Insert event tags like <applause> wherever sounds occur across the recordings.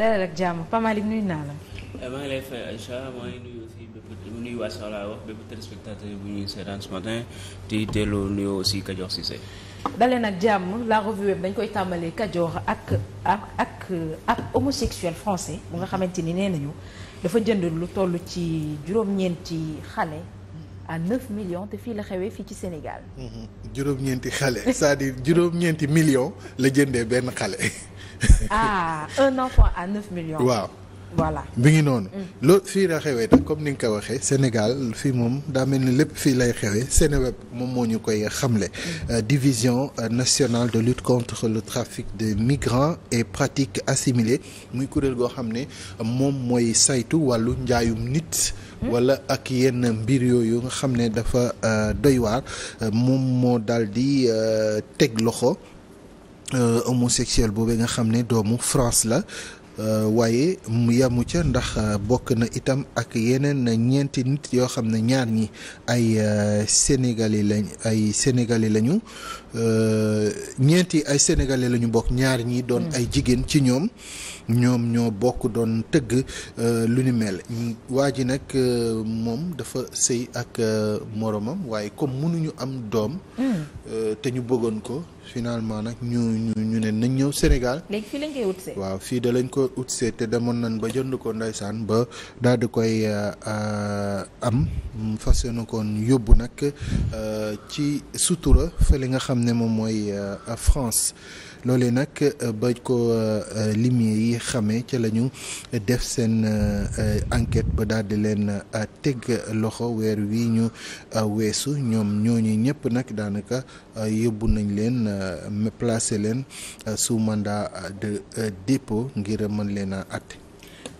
dalal ak jàmm Pape naa la. Eh, maa ngi lay di delloo nuyu aussi Kajoor Cissé. daleen ak jàmm la revue web dañ koy tàmbalee Kajoor ak ak ak ab homosexuel français bu nga xamante ni nee nañu dafa jënd lu toll ci juróom-ñeenti xale. te fii la xewee fii ci Sénégal. Mm-hmm. juróom-ñeenti xale cest à juróom-ñeenti millions la jëndee benn xale. <laughs> <laughs> ah un enfant waaw bi ngi noonu. Mm. loolu fii la xewee comme ni nga ko waxee Sénégal fii moom daa mel ni lépp fii lay xewee Seneweb moom moo ñu koy xamle. Mm. Euh, division euh, nationale de lutte contre le trafic de migrants et pratiques assimilées muy kuréel goo xam ne moom mooy saytu wàllu njaayum nit. Mm. walla ak yenn mbir yooyu nga xam ne dafa euh, doy waar moom moo dal di teg loxo. Euh, homosexuel boobee nga xam ne doomu France la euh, waaye mu yamu ca ndax euh, bokk na itam ak yeneen ñeenti nit yoo xam ne ñaar ñi ay sénégalais lañ ay sénégalais lañu ñeenti ay sénégalais lañu bokk ñaar ñi doon mm. ay jigéen ci ñoom ñoom ñoo bokk doon tëgg lu ni mel waa ji nag moom dafa sëy ak moroomam waaye comme mënuñu am doom mm. te ñu bëggoon ko finalement nag ñu ñu ñu ne nañ ñëw Sénégal. léegi fii lañ koy utsee. da lañ ko utsee te demoon nañ ba jënd ko ndeysaan ba daal di koy euh, euh, am fas yéene ko yóbbu nag euh, ci sutura li nga xam ne moom mooy France. loolee nag euh, ba ko euh, limier yi xamee ci la ñu def seen euh, enquête ba daal di leen teg loxo weer wi ñu weesu ñoom ñooñu ñëpp nag daanaka yóbbu nañ leen placer leen sous mandat de dépôt ngir mën leen a àtte.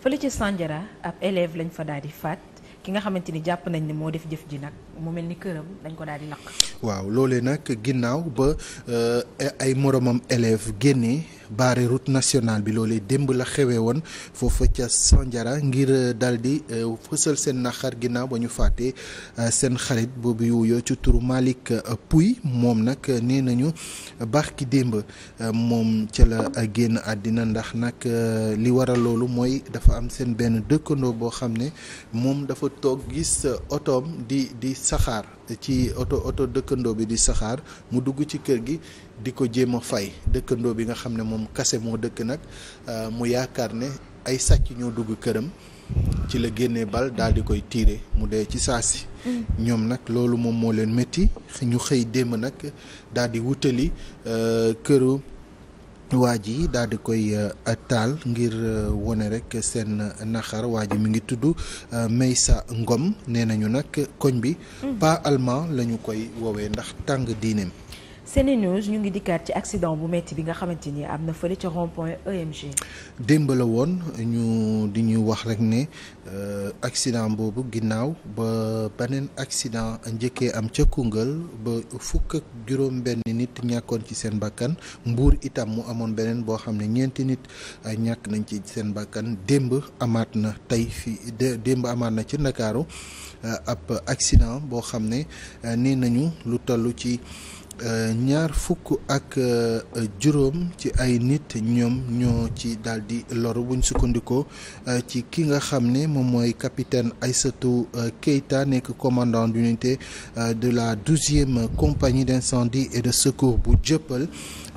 fële ci Sandiara ab élève lañ fa daal faat. ki nga xamante ni jàpp nañ ne moo def jëf ji nag mu mel ni këram dañ ko daal di lakk. waaw loolee nag ginnaaw ba euh, ay moromam élève génnee. baare route nationale bi loolee démb la xewee woon foofa ca Sandiara ngir euh, daal di euh, fësal seen naqar ginnaaw ba ñu fàtte euh, seen xarit boobu yuyoo ci turu Malick Pouy moom nag nee nañu baax ki démb moom ca la génn àddina ndax nag li waral loolu mooy dafa am seen benn dëkkandoo boo xam ne moom dafa toog gis otoom di di saxaar ci oto oto dëkkandoo bi di saxaar mu dugg ci kër gi di ko jéem a fay dëkkandoo bi nga xam ne moom kase moo dëkk nag euh, mu yaakaar ne ay sàcc ñoo dugg këram ci la génne bal daal di koy tiire mu dee ci saa si mm. ñoom nag loolu moom moo leen métti ñu xëy démb nag daal di wutali euh, këru waa ji daal di koy euh, taal ngir euh, wone rek seen naxar waa ji mi ngi tudd euh, may sa Ngom nee nañu nag koñ bi. Mm-hmm. pas allemand la koy woowee ndax tàng diineem. SeneNews ñu ngi dikkaat ci accident bu metti bi nga xamante ni am na fële ca rond-point e démb la woon ñu di ñuy wax rek ne euh, accident boobu ginnaaw ba beneen accident njëkkee am ca Koungheul ba fukk ak juróom-benn nit ñàkkoon ci seen bakkan Mbour itam mu amoon beneen boo xam ne ñeenti nit ñàkk nañ ci seen bakkan démb amaat na tey fii démb amaat na ci Ndakaaru euh, ab accident boo xam ne euh, nee nañu lu toll ci. Euh, ñaar fukk ak euh, juróom ci ay nit ñoom ñoo ci daal di loru buñ sukkandiku euh, ci ki nga xam ne moom mooy capitaine Aïssatou Keita nekk commandant d'unité de la douzième compagnie d'incendie et de secours bu jëppal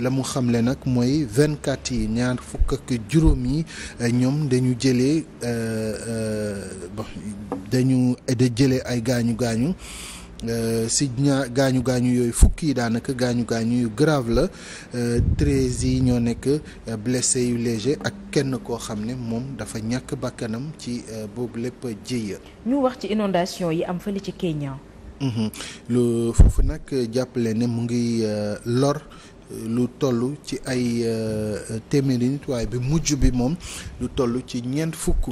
la mu xamle nag mooy vingt quatre yi ñaar fukk ak juróom yi ñoom dañu jële bon dañu da jële ay gaañu gaañu. Euh, si ñaa gaañu gaañu yooyu fukki yi daanaka gaañu gaañu yu grave la euh, treize yi ñoo nekk euh, blessé yu léger ak kenn koo xam ne moom dafa ñàkk bàkkanam ci boobu lépp jéeya. ñu wax ci inondation yi am fële ci Kenya. Mhm. lu foofu nag jàppale ne mu ngi lor. lu toll ci ay téeméeri nit waaye bi mujj bi moom lu toll ci ñeent fukk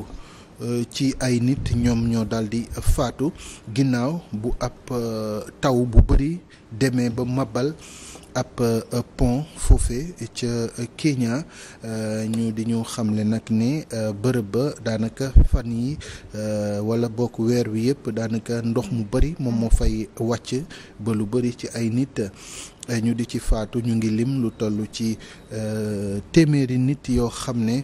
Euh, ci ay nit ñoom ñoo daal di faatu ginnaaw bu ab euh, taw bu bari demee ba mabal ab euh, pont foofe ca Kenya ñu di ñu xamle nag ne bërëb ba daanaka fan yi wala bokk weer wi yëpp daanaka ndox mu bari moom moo fay wàcc ba lu bëri ci ay nit Eh, ñu di ci faatu ñu ngi lim lu tollu ci eh, téeméeri nit yoo xam ne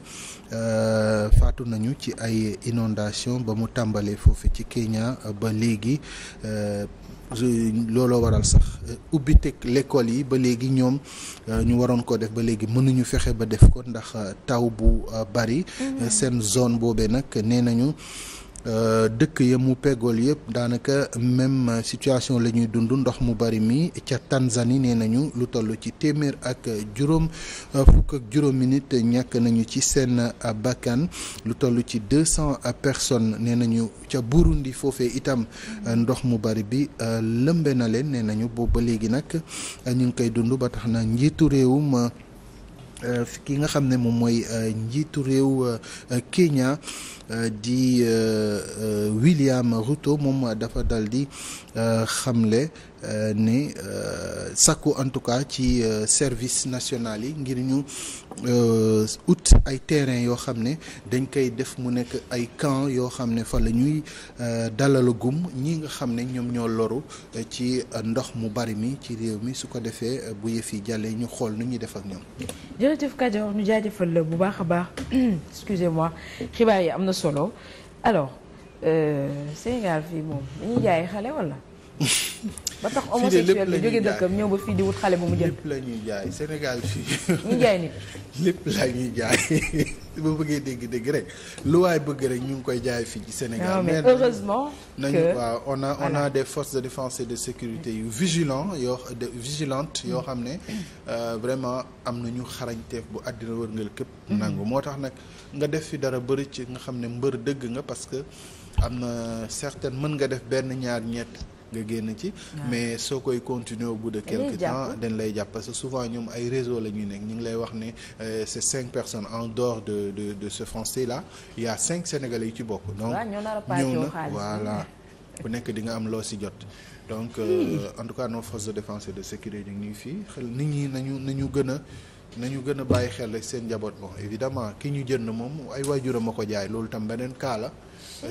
eh, faatu nañu ci ay inondation ba mu tàmbalee foofu ci Kenya ba léegi looloo waral sax ubbi teg l'école yi ba léegi ñoom ñu waroon ko def ba léegi mënuñu fexe ba def ko ndax taw bu bari mm-hmm. seen zone boobee nag nee nañu Euh, dëkk ya mu peggool yëpp daanaka même situation la ñuy dund ndox mu bari mi ca Tanzanie nee nañu lu toll ci téeméer ak juróom euh, fukk ak juróomi nit ñàkk nañu ci seen bakkan lu toll ci deux cent personnes nee nañu ca Burundi foofe itam euh, ndox mu bari bi lëmbe na leen nee nañu boobu ba léegi nag ñu ngi koy dund ba tax na njiitu réewuma Euh, ki nga xam ne moom mooy euh, njiitu réew euh, Kenya di William Ruto moom dafa dal di xamle Euh, ne euh, sàkku en tout cas ci euh, service national yi ngir ñu ut ay terrain yoo xam ne dañ koy def mu nekk ay camp yoo xam ne fa la ñuy dalalagum ñi nga xam ne ñoom ñoo loru ci ndox mu bari mi ci réew mi su ko defee bu yëf yi jàllee ñu xool nu ñuy def ak ñoom. jërëjëf Kajoor ñu jaajëfal la bu baax a baax <clears throat> excusez-moi xibaar yi am na solo alors Sénégal fii moom dañuy jaay xale wala. <laughs> ba tax homosexuel bi jóge dëkkam ñëw ba fii di wut xale bu mu jël. lépp la ñuy jaay Sénégal fii. ñu jaay nit. <laughs> lépp la ñuy jaay <laughs> ba bëggee dégg-dégg rek lu waaye bëgg rek ñu ngi koy jaay fii ci Sénégal. non heureusement nañu waaw on a on a des forces de défense de sécurité yu vigilants yoo yoo xam ne euh, vraiment am nañu xarañteef bu àddina wërngal képp. Mm-hmm. nangu moo tax nag nga def fi dara bëri ci nga xam ne mbër dëgg nga parce que am na certaine mën nga def benn ñaar ñett. nga génn ci mais soo koy continuer au de quelque temps dañ lay jàpp parce que souvent ñoom ay réseau la ñuy nekk ñu ngi lay wax ne euh, c'est cinq personnes en dehors de de de ce français là il a cinq sénégalais yu ci bokk donc ñëw na voilà bu <laughs> nekk di nga am loo si jot donc euh, en tout cas no forces de défense de sécurité ñu ngi fii xel nit ñi nañu nañu gën a nañu gën a bàyyi xel rek seen njaboot bon évidemment ki ñu jënd moom ay waajuram a ko jaay loolu tam beneen cas la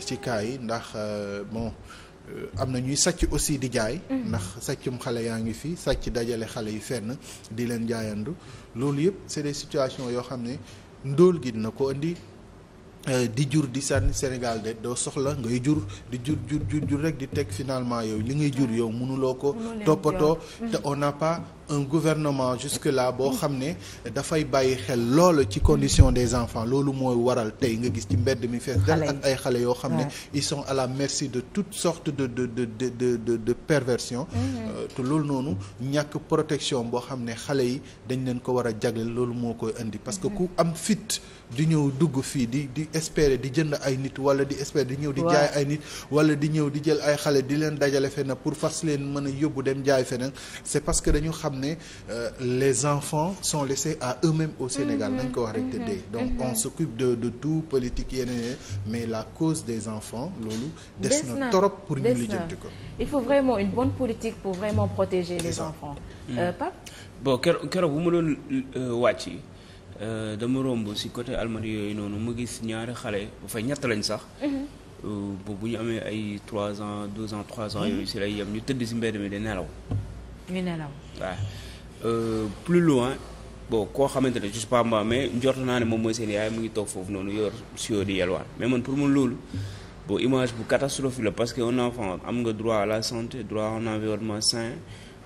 ci yi ndax euh, bon Euh, am na ñuy sàcc aussi di jaay. ndax sàccum xale yaa ngi fi sàcc dajale xale yi fenn di leen jaayandu loolu yëpp c'est des situations yoo xam ne ndóol gi na ko indi euh, di jur di sànni Sénégal de doo soxla ngay jur di jur jur jur jur rek di teg finalement yow li ngay jur yow mënuloo ko. toppatoo te on un gouvernement jusque-là boo xam ne dafay bàyyi xel loolu ci condition des enfants loolu mooy waral tey nga gis ci mbedd mi fees del ak ay xale yoo xam ne ils sont à la merci de toutes sorte de de de de de de, de perversion mm-hmm. euh, te loolu noonu ñàkk protection boo xam ne xale yi dañ leen ko war a jagleel loolu moo koy indi parce que mm-hmm. ku am fit di ñëw dugg fii di di espérer di jënd ay nit wala di espérer di ñëw di jaay ay nit wala di ñëw di jël ay xale di leen dajale fenn pour fas leen mën a yóbbu dem jaay xam ne euh, les enfants sont laissés à eux-mêmes au Sénégal nañ ko wax rek te dee mhm. donc mhm. on s'occupe de de tout politique yeneen mais la cause des enfants loolu des na trop pour ñu lijjanti ko il faut vraiment une bonne politique pour vraiment protéger les enfants mm. euh, Pape bon bu ma doon euh, wàcc dama romb ci côté Almadies yooyu noonu mu gis ñaari xale bu fay ñett lañ sax mhm. bu bu ñu amee ay trois ans deux ans trois ans yooyu ci lay yem ñu tëdd ci mbedd mi di nelaw ñu nelaw waaw euh, plus loin bon koo xamante ne je sais pas moi mais njort naa ne moom mooy seen yaay mu ngi toog foofu noonu yor sio di yelwaan mais man pour man loolu bon image bu catastrophe la parce que un enfant am nga droit à la santé droit à un environnement sain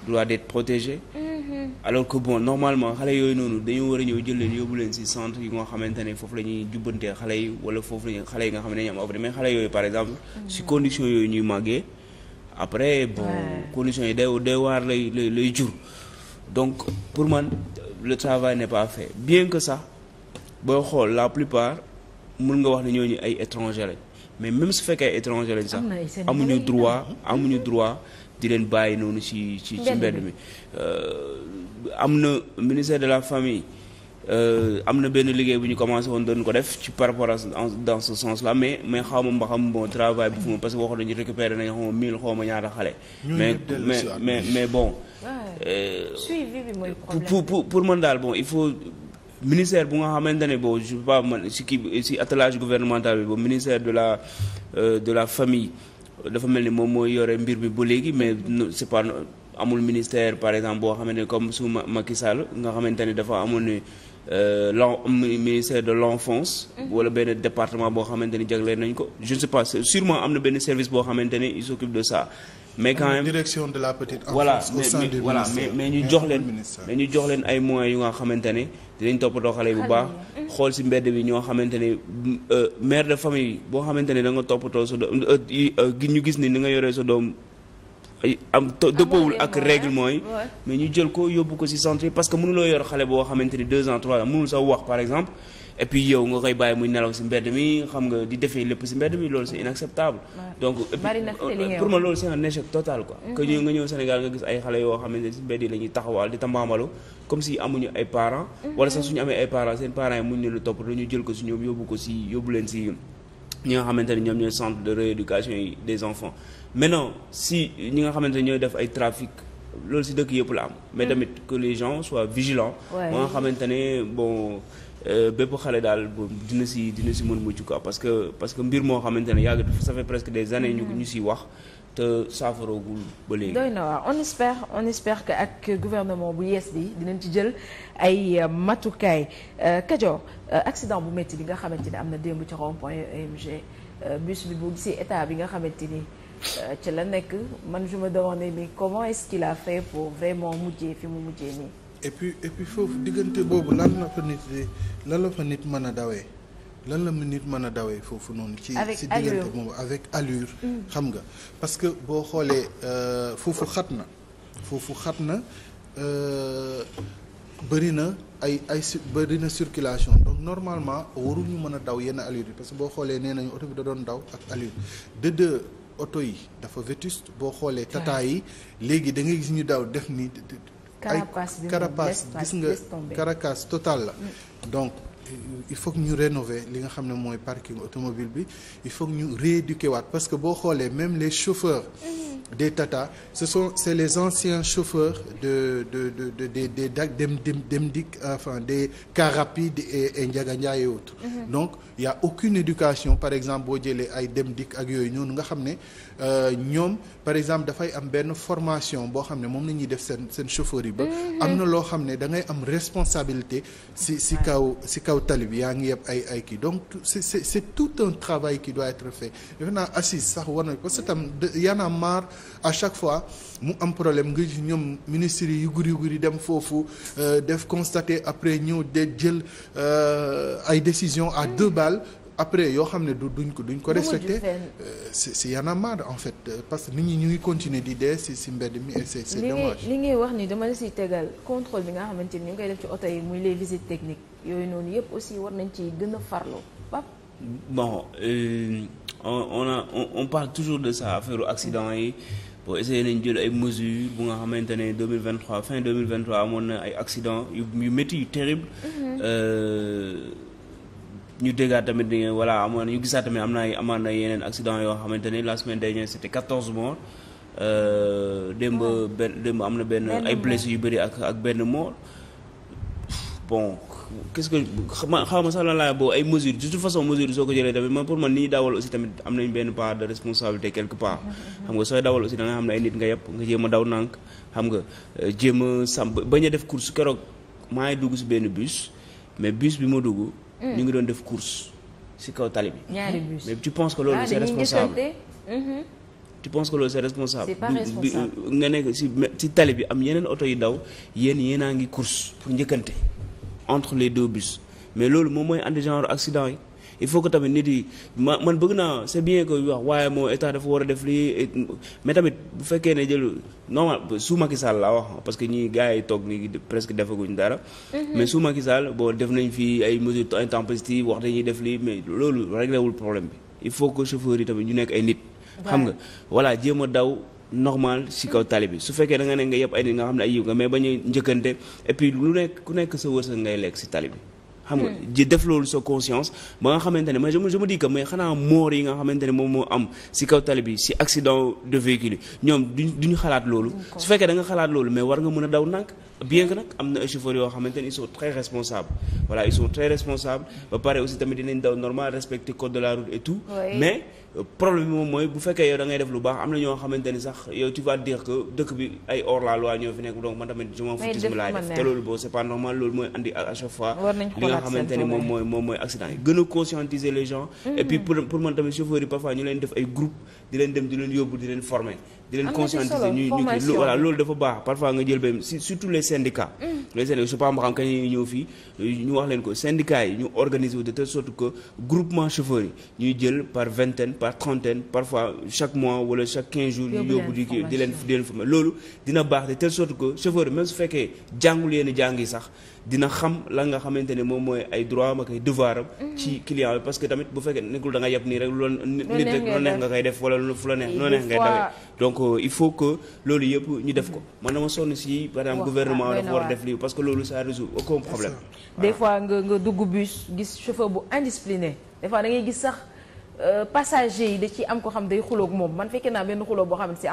droit d'être protégé mm-hmm. alors que bon normalement xale yooyu noonu dañoo war a ñëw jël leen yóbbu leen ci centre yi nga xamante ne foofu la ñuy jubbantee xale yi wala foofu la xale yi nga xam ne dañu am abri yooyu par exemple ci mm-hmm. condition yooyu ñuy màggee après bon conditions yi day day waar lay lay lay jur donc pour man le travail n'est pas fait bien que sax boo xool la plupart mun nga wax ne ñooñu ay étranger lañ mais même su fekkee ay étranger lañ sax amuñu droit amuñu droit di leen bàyyi noonu ci ci ci mbedd mi euh, am na ministère de la famille Euh, am na benn liggéey bu ñu commencé woon doon ko def ci par rapport à dans ce sens là mais mais xaw ma xam bon travail bu fu ma parce que waxoon nañu récupérer nañu xaw ma mille xaw ma xale. mais mais mais euh, pour pour man daal bon il faut. ministère bu nga xamante ne boobu je sais pas man si kii si attelage gouvernemental bi boobu ministère de la euh, de la famille dafa mel ni moom mooy yore mbir bi bu léegi mais c'est pas amul ministère par exemple boo xamante ne comme su Macky Sall nga xamante ne dafa amoon ne Euh, l'en ministère de l'enfance wala benn département boo xamante ni jagleel nañ ko je ne sais pas sûrement am na benn service boo xamante ni il s'occupe de ça mais quand même direction de la petite enfance au sein du mais ñu jox leen mais ñu jox leen ay moyens yu nga xamante ne dinañ toppatoo xale yi bu baax mm. xool ci mbedd bi ñoo xamante ne euh, mère de famille boo xamante ne da nga toppatoo sa doom euh, ñu gis ni ni nga yoree sa doom am dëppoowul ak règlement ah? yi mais ñu jël ko yóbbu ko si centre yi parce que mënuloo yor xale boo xamante ni deux ans trois ans mënul sa wax par exemple et puis yow nga koy bàyyi muy nelaw ci mbedd mi xam nga di defee lépp ci mbedd mi loolu c'est inacceptable donc pour moi loolu c'est un échec total quoi que ñu mm-hmm. nga ñëw Sénégal nga gis ay xale yoo xamante ni ci mbedd yi la ñuy taxawaal di tambaamalo comme si amuñu ay parents mm-hmm. wala sax suñu amee ay parents seen parents yi muñ ne lu topp dañu jël ko ci ñoom yóbbu ko leen ci ñi nga xamante ni ñoom ñooy centre de rééducation yi des enfants maintenant si ñi nga xamante ñooy def ay trafic loolu si dëkk yëpp la am. mais mm. tamit que les gens soient vigilants. xamante ne bon euh, bépp xale daal dina si dina si mën mucc quoi parce que parce que mbir moo xamante ne yàgg ça fait presque des années. ñu mm. ñu si wax. te saafaroogul ba léegi. doy na waaw on espère on espère que ak gouvernement bu yees bi dinañ ci jël ay euh, matukaay euh, Kajoor accident bu métti bi nga xamante ni am na démb ci rond point EMG bus bi bu gisee état bi nga xamante ni. Euh, ci la nekk man je me demandais mais comment est-ce qu'il fait pour vraiment mujjee fi mu mujjee nii. et puis et puis foofu diggante boobu lan la fa nit lan la fa nit mën a dawee lan la mu nit mën a dawee foofu noonu. ci ci diggante boobu avec allure. Mm. xam nga parce que boo xoolee euh, foofu xat na foofu xat na euh, bëri na ay ay bëri na circulation donc normalement waruñu mën a daw yenn allure parce que boo xoolee nee nañu oto bi da doon daw ak allure de oto yi dafa vétuste boo xoolee tata yi léegi da ngay gis ñu daw def ni ay carapace gis nga caracas total la mm. donc il faut que ñu rénover li nga xam ne mooy parking automobile bi il faut que ñu rééduquer waat parce que boo xoolee même les chauffeurs mm-hmm. des Tata ce sont c'est les anciens chauffeurs de de de de des des dem dem dem dik enfin des cars rapides et et Ndiaga et autres. Mhm. donc y a aucune éducation par exemple boo jëlee ay dem dik ak yooyu ñoonu nga xam ne euh, ñoom par exemple dafay am benn formation boo xam ne moom la def seen seen chauffeur yi ba. Mhm. am na loo xam ne dangay am responsabilité. si si kaw si kaw tali bi yaa ngi yeb ay ay kii donc c'est c'est c'est tout un travail qui doit être fait defe naa assise sax war na à chaque fois mu am problème nga gis ñoom ministres yi yugur yugur yi dem foofu euh, def constaté après ñëw de jël euh, ay décisions à deux mm. bal après yoo xam ne du duñ ko duñ ko respecté euh, c'est y en a marre en fait parce que nit ñi ñu ngi continuer di dee si si mbedd mi et c'est c'est dommage li ngay wax ni dama la siy tegal contrôle bi nga xamante ñu ngi koy def ci oto yi muy les visites techniques yooyu noonu yëpp aussi war nañ ci gën a farloo bon euh, on on a on, on toujours de ça affaire accident yi bon essayé nañ jël ay mesures bu nga xamante ne 2023 fin 2023 amoon na ay accident yu yu métti yu terrible. Mhm. Euh, ñu déggaat tamit ni voilà amoon ñu gisaat tamit am na amaan na yeneen accident yoo xamante ne la semaine dernière c'était 14 morts. Euh, démb benn démb am na benn ay blessés yu bëri ak ak benn mort. bon qu'est-ce que xama xaw ma sax lan laa boobu ay mesures de toute façon mesures soo ko jëlee tamit man pour man ni dawal aussi tamit am nañ benn part de responsabilité quelque part xam nga sooy dawal aussi da xam ne ay nit nga yëpp nga jéem daw nànk xam nga euh, jéem a sàmm bañ def course keroog maa ngi dugg si benn bus mais bus bi ma dugg mm. ñu ngi doon def course si kaw tali bi ñaari bus mais tu penses que loolu ah, mm-hmm. c'est responsable tu nga nekk si si tali bi am yeneen oto yi daw yéen yéenaa ngi course pour njëkkante entre les deux bus mais loolu moom mooy andi genre accident yi il faut que tamit nit yi ma man bëgg naa c'est bien que wax waaye moo état dafa war a def lii mais tamit bu fekkee ne jël normal su Macky Sall laa wax parce que ñii gars yi toog nii presque defaguñ dara. Mhm. mais su Macky Sall bon def nañ fi ay mesures intempestives wax dañuy def lii mais loolu réglé wul problème bi il faut que chauffeurs yi tamit ñu nekk ay nit. xam nga voilà jéem a daw. normal si kaw tali bi su fekkee da nga ne nga yëpp ay nit nga xam ne ay yiw nga mais ba ñu njëkkante et puis lu nekk ku nekk sa wërsëg ngay lekk si tali bi xam nga ji hmm. def loolu sa conscience ba nga xamante ne mais je me je me dis yi nga xamante ne moom moo am si kaw tali bi si accident de véhicule yi ñoom duñ duñu xalaat loolu. su fekkee da nga xalaat loolu mais war nga mën a daw nànk. bien nag am na chauffeurs yoo xamante ne ils sont très responsables voilà ils sont très responsables ba pare aussi tamit de la route et problème bi moom mooy bu fekkee yow da ngay def lu baax am na ñoo xamante ni sax yow tu vas dire que dëkk bi ay or la loi ñoo fi nekk donc man tamit je m'en foutisme laay def te loolu boobu c'est pas normal loolu mooy andi à chaque fois li nga xamante moom mooy moom mooy accident yi gën a conscientiser les gens et puis mm-hmm. pour man tamit chauffeurs yi parfois ñu leen def ay groupe di leen dem di leen yóbbu di leen former di leen conscientiser ñu ñu kii voilà loolu dafa baax parfois nga jël benn surtout les syndicats. Mm. les syndicats su pas ma xam kañ la ñëw fii ñu wax leen ko syndicats yi ñu organiser wu de telle sorte que groupement chauffeurs yi ñuy jël par vingt vingtaine par trentaine parfois chaque mois wala chaque quinze jours. ñu yóbbu di di leen di leen formé loolu dina baax de telle sorte que chauffeur même su fekkee jàngul yenn jàng yi sax. dina xam lan nga xamante ne moom mooy ay droit am ak ay mhm. ci client bi parce que tamit bu fekkee nekkul da nga yab nii rek lu nit nga koy def wala fu la neex ngay dawee donc euh, il faut que loolu yëpp ñu def ko man dama sonn si par exemple gouvernement dafa war a def lii parce que loolu sa résout aucun problème des fois nga nga dugg bus gis chauffeur bu indiscipliné des fois da ngay gis sax euh, passager yi da ciy am ko xam day xuloog moom man fekkee naa benn xuloo boo xam ne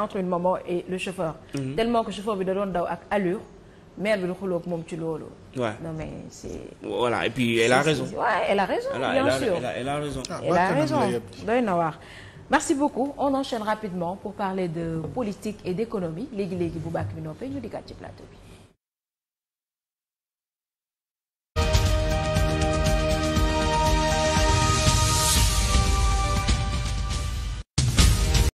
mhm. bi da doon maire bi du xuloog moom ci loolu. waaw non mais c'est. voilà et puis elle a raison. waaw elle a raison. bien elle a, sûr elle a, elle a raison. Ah, elle a raison on enchaîne rapidement pour parler de politique et d'économie léegi léegi bu bàkk bi noppee ñu dikkaat ci plateau bi.